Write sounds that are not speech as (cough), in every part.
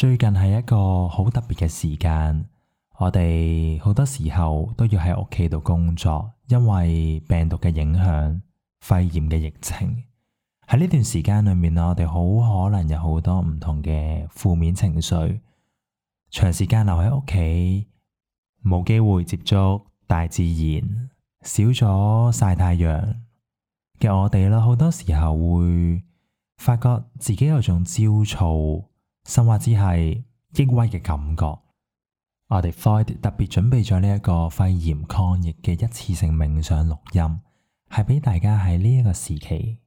最近係一個好特別嘅時間，我哋好多時候都要喺屋企度工作，因為病毒嘅影響、肺炎嘅疫情。喺呢段時間裏面，我哋好可能有好多唔同嘅負面情緒，長時間留喺屋企，冇機會接觸大自然，少咗曬太陽嘅我哋啦，好多時候會發覺自己有種焦躁。甚或只係抑鬱嘅感覺，我哋 Void 特別準備咗呢一個肺炎抗疫嘅一次性冥想錄音，係俾大家喺呢一個時期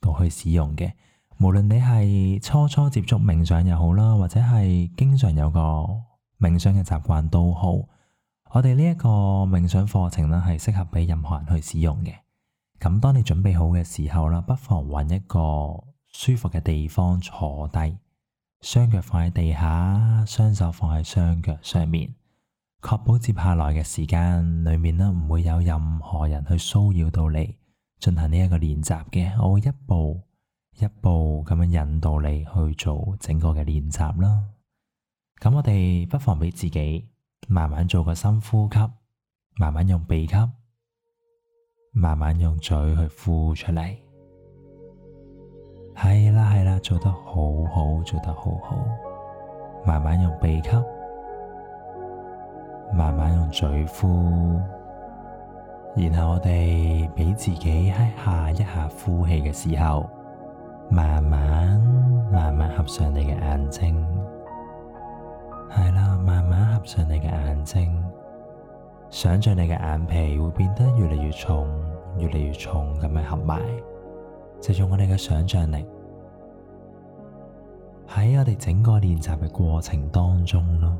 度去使用嘅。無論你係初初接觸冥想又好啦，或者係經常有個冥想嘅習慣都好，我哋呢一個冥想課程呢係適合俾任何人去使用嘅。咁當你準備好嘅時候啦，不妨揾一個舒服嘅地方坐低。雙腳放喺地下，雙手放喺雙腳上面，確保接下來嘅時間裏面呢，唔會有任何人去騷擾到你進行呢一個練習嘅。我會一步一步咁樣引導你去做整個嘅練習啦。咁我哋不妨俾自己慢慢做個深呼吸，慢慢用鼻吸，慢慢用嘴去呼出嚟。係啦係啦，做得好好，做得好好。慢慢用鼻吸，慢慢用嘴呼。然後我哋俾自己喺下一下呼氣嘅時候，慢慢慢慢合上你嘅眼睛。係啦，慢慢合上你嘅眼睛，想象你嘅眼皮會變得越嚟越重，越嚟越重，咁樣合埋。就用我哋嘅想象力，喺我哋整個練習嘅過程當中咯，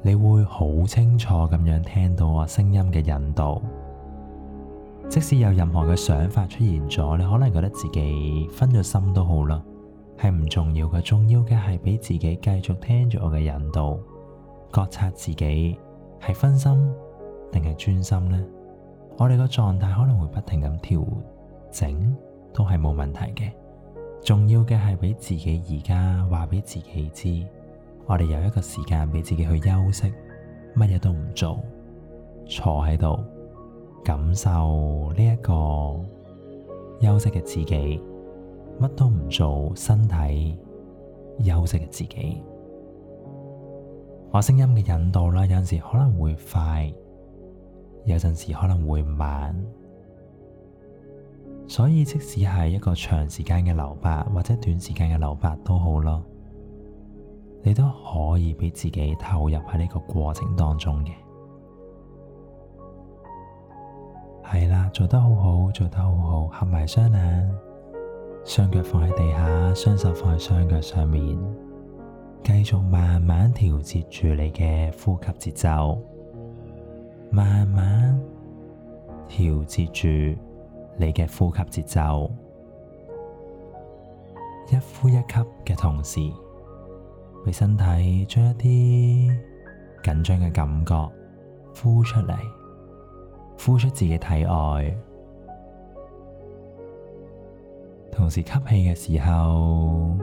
你會好清楚咁樣聽到我聲音嘅引導。即使有任何嘅想法出現咗，你可能覺得自己分咗心都好啦，係唔重要嘅。重要嘅係俾自己繼續聽住我嘅引導，覺察自己係分心定係專心呢。我哋個狀態可能會不停咁調整。都係冇問題嘅，重要嘅係俾自己而家話俾自己知，我哋有一個時間俾自己去休息，乜嘢都唔做，坐喺度感受呢一個休息嘅自己，乜都唔做，身體休息嘅自己。我聲音嘅引導啦，有陣時可能會快，有陣時可能會慢。所以即使係一個長時間嘅留白或者短時間嘅留白都好咯，你都可以俾自己投入喺呢個過程當中嘅。係啦，做得好好，做得好好，合埋雙眼，雙腳放喺地下，雙手放喺雙腳上面，繼續慢慢調節住你嘅呼吸節奏，慢慢調節住。你嘅呼吸節奏，一呼一吸嘅同時，俾身體將一啲緊張嘅感覺呼出嚟，呼出自己體外。同時吸氣嘅時候，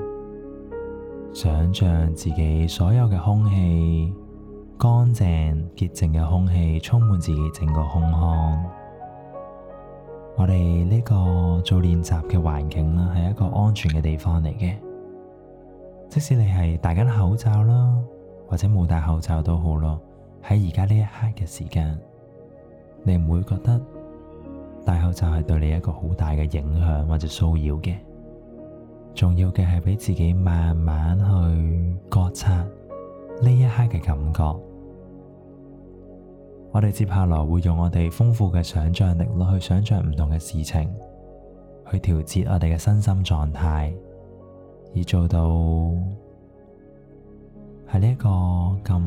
想象自己所有嘅空氣，乾淨潔淨嘅空氣充滿自己整個胸腔。我哋呢個做練習嘅環境啦，係一個安全嘅地方嚟嘅。即使你係戴緊口罩啦，或者冇戴口罩都好咯。喺而家呢一刻嘅時間，你唔會覺得戴口罩係對你一個好大嘅影響或者騷擾嘅。重要嘅係俾自己慢慢去覺察呢一刻嘅感覺。我哋接下來會用我哋豐富嘅想象力落去想象唔同嘅事情，去調節我哋嘅身心狀態，以做到喺呢一個咁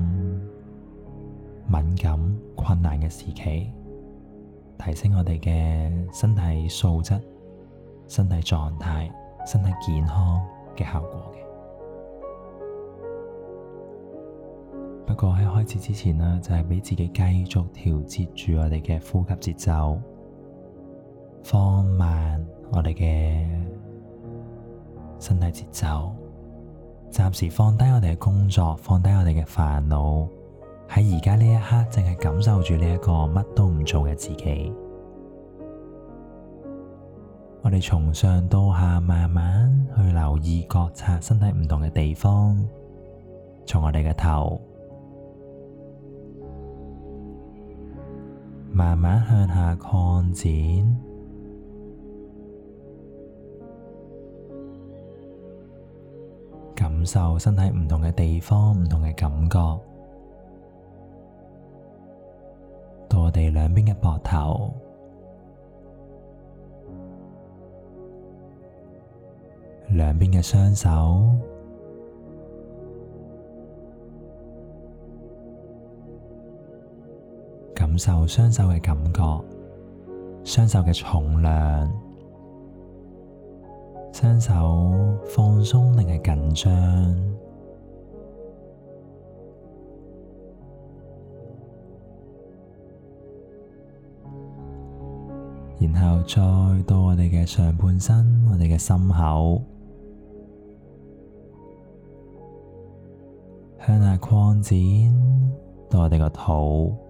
敏感困難嘅時期，提升我哋嘅身體素質、身體狀態、身體健康嘅效果嘅。不過喺開始之前呢就係俾自己繼續調節住我哋嘅呼吸節奏，放慢我哋嘅身體節奏，暫時放低我哋嘅工作，放低我哋嘅煩惱，喺而家呢一刻，淨係感受住呢一個乜都唔做嘅自己。我哋從上到下慢慢去留意、覺察身體唔同嘅地方，從我哋嘅頭。慢慢向下擴展，感受身體唔同嘅地方、唔同嘅感覺，到我哋兩邊嘅膊頭，兩邊嘅雙手。受雙手嘅感覺，雙手嘅重量，雙手放鬆定係緊張，然後再到我哋嘅上半身，我哋嘅心口向下擴展，到我哋個肚。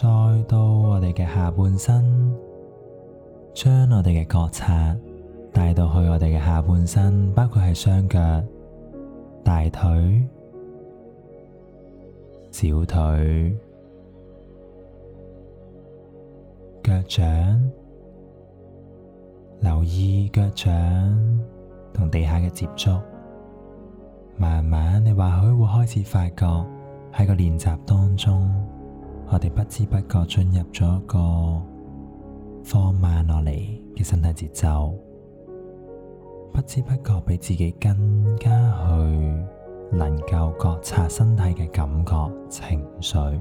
再到我哋嘅下半身，將我哋嘅覺察帶到去我哋嘅下半身，包括係雙腳、大腿、小腿、腳掌，留意腳掌同地下嘅接觸。慢慢，你或許會開始發覺喺個練習當中。我哋不知不覺進入咗一個放慢落嚟嘅身體節奏，不知不覺俾自己更加去能夠覺察身體嘅感覺、情緒，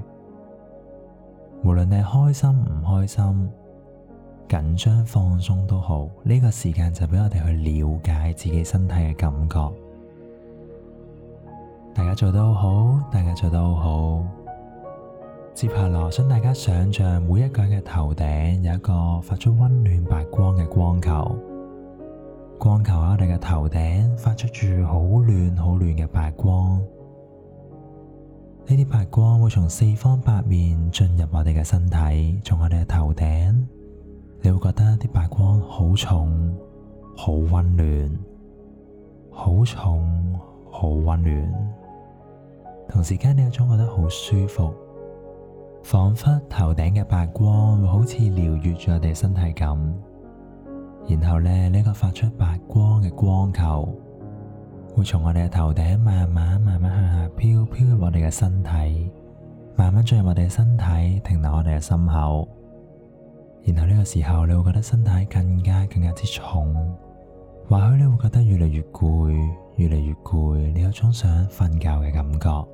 無論你係開心唔開心、緊張、放鬆都好，呢個時間就俾我哋去了解自己身體嘅感覺。大家做得好好，大家做得好好。接下來，想大家想象每一個人嘅頭頂有一個發出温暖白光嘅光球，光球喺我哋嘅頭頂發出住好暖好暖嘅白光。呢啲白光會從四方八面進入我哋嘅身體，從我哋嘅頭頂，你會覺得啲白光好重，好温暖，好重，好温暖。同時間，間你有種覺得好舒服。仿佛頭頂嘅白光會好似療癒住我哋身體咁，然後咧呢、呢個發出白光嘅光球會從我哋嘅頭頂慢慢慢慢向下飄飄入我哋嘅身體，慢慢進入我哋嘅身體，停留我哋嘅心口。然後呢個時候你會覺得身體更加更加之重，或許你會覺得越嚟越攰，越嚟越攰，你有種想瞓覺嘅感覺。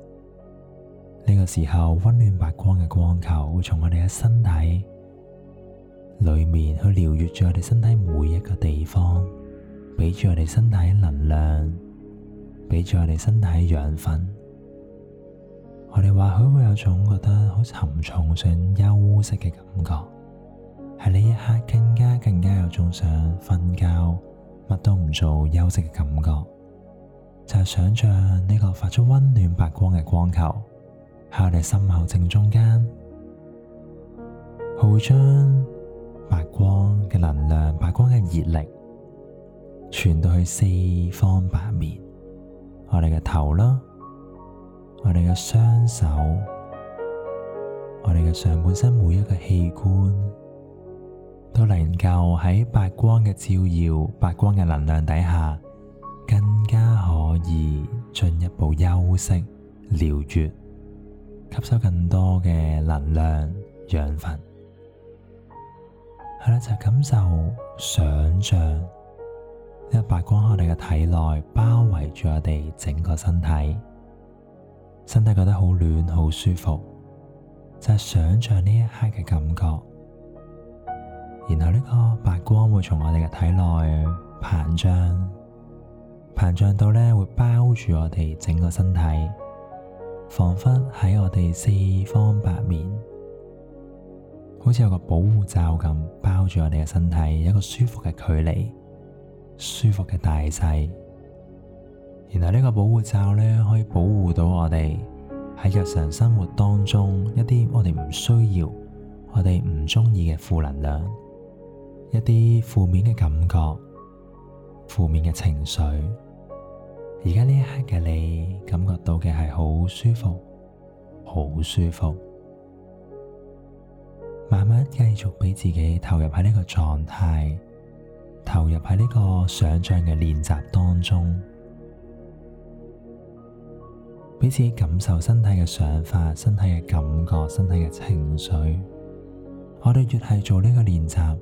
呢個時候，温暖白光嘅光球會從我哋嘅身體裏面去療愈住我哋身體每一個地方，畀住我哋身體能量，畀住我哋身體養分。我哋或許會有種覺得好沉重想休息嘅感覺，喺呢一刻更加更加有種想瞓覺，乜都唔做休息嘅感覺。就係想象呢個發出温暖白光嘅光球。喺我哋心口正中間，好將白光嘅能量，白光嘅熱力傳到去四方八面。我哋嘅頭啦，我哋嘅雙手，我哋嘅上半身每一個器官，都能夠喺白光嘅照耀、白光嘅能量底下，更加可以進一步休息療愈。吸收更多嘅能量養分，係啦，就感受想象呢個白光喺我哋嘅體內包圍住我哋整個身體，身體覺得好暖好舒服，就係想象呢一刻嘅感覺，然後呢個白光會從我哋嘅體內膨脹，膨脹到咧會包住我哋整個身體。仿佛喺我哋四方八面，好似有個保護罩咁包住我哋嘅身體，有一個舒服嘅距離，舒服嘅大細。然後呢個保護罩咧，可以保護到我哋喺日常生活當中一啲我哋唔需要、我哋唔中意嘅負能量，一啲負面嘅感覺、負面嘅情緒。而家呢一刻嘅你。到嘅係好舒服，好舒服。慢慢繼續俾自己投入喺呢個狀態，投入喺呢個想象嘅練習當中，俾自己感受身體嘅想法、身體嘅感覺、身體嘅情緒。我哋越係做呢個練習，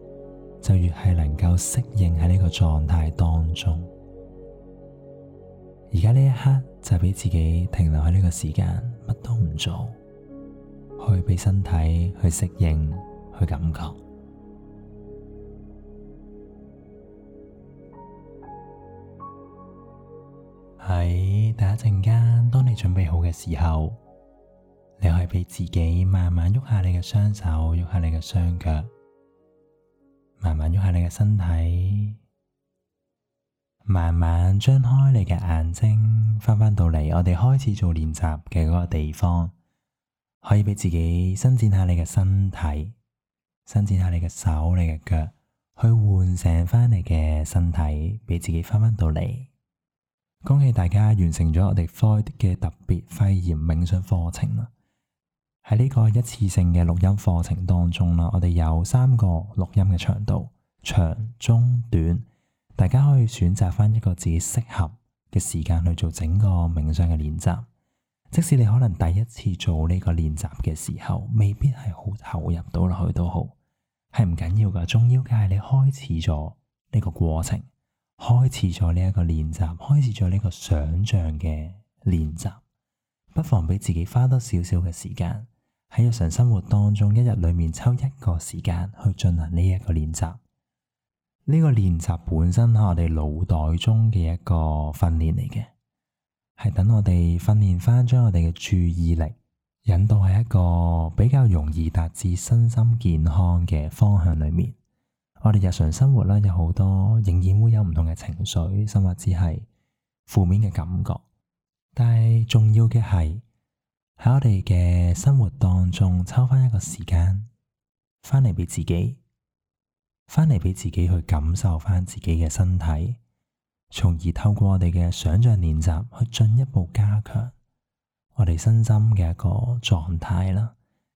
就越係能夠適應喺呢個狀態當中。而家呢一刻就俾自己停留喺呢個時間，乜都唔做，去俾身體去適應，去感覺。喺第 (music) 一陣間，當你準備好嘅時候，你可以俾自己慢慢喐下你嘅雙手，喐下你嘅雙腳，慢慢喐下你嘅身體。慢慢張開你嘅眼睛，翻返到嚟，我哋開始做練習嘅嗰個地方，可以畀自己伸展下你嘅身體，伸展下你嘅手、你嘅腳，去喚醒翻你嘅身體，畀自己翻返到嚟。恭喜大家完成咗我哋 Void 嘅特別肺炎冥想課程啦！喺呢個一次性嘅錄音課程當中啦，我哋有三個錄音嘅長度，長、中、短。大家可以選擇翻一個自己適合嘅時間去做整個冥想嘅練習。即使你可能第一次做呢個練習嘅時候，未必係好投入到落去都好，係唔緊要噶。重要嘅係你開始咗呢個過程，開始咗呢一個練習，開始咗呢個想像嘅練習。不妨俾自己花多少少嘅時間喺日常生活當中，一日裡面抽一個時間去進行呢一個練習。呢個練習本身係我哋腦袋中嘅一個訓練嚟嘅，係等我哋訓練翻，將我哋嘅注意力引導喺一個比較容易達至身心健康嘅方向裏面。我哋日常生活咧有好多仍然會有唔同嘅情緒，甚至係負面嘅感覺。但係重要嘅係喺我哋嘅生活當中抽翻一個時間，翻嚟畀自己。翻嚟畀自己去感受翻自己嘅身體，從而透過我哋嘅想象練習去進一步加強我哋身心嘅一個狀態啦。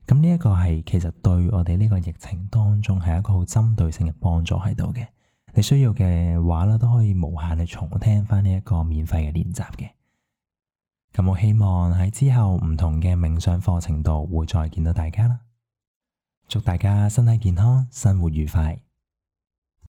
咁呢一個係其實對我哋呢個疫情當中係一個好針對性嘅幫助喺度嘅。你需要嘅話啦，都可以無限去重聽翻呢一個免費嘅練習嘅。咁我希望喺之後唔同嘅冥想課程度會再見到大家啦。祝大家身體健康，生活愉快。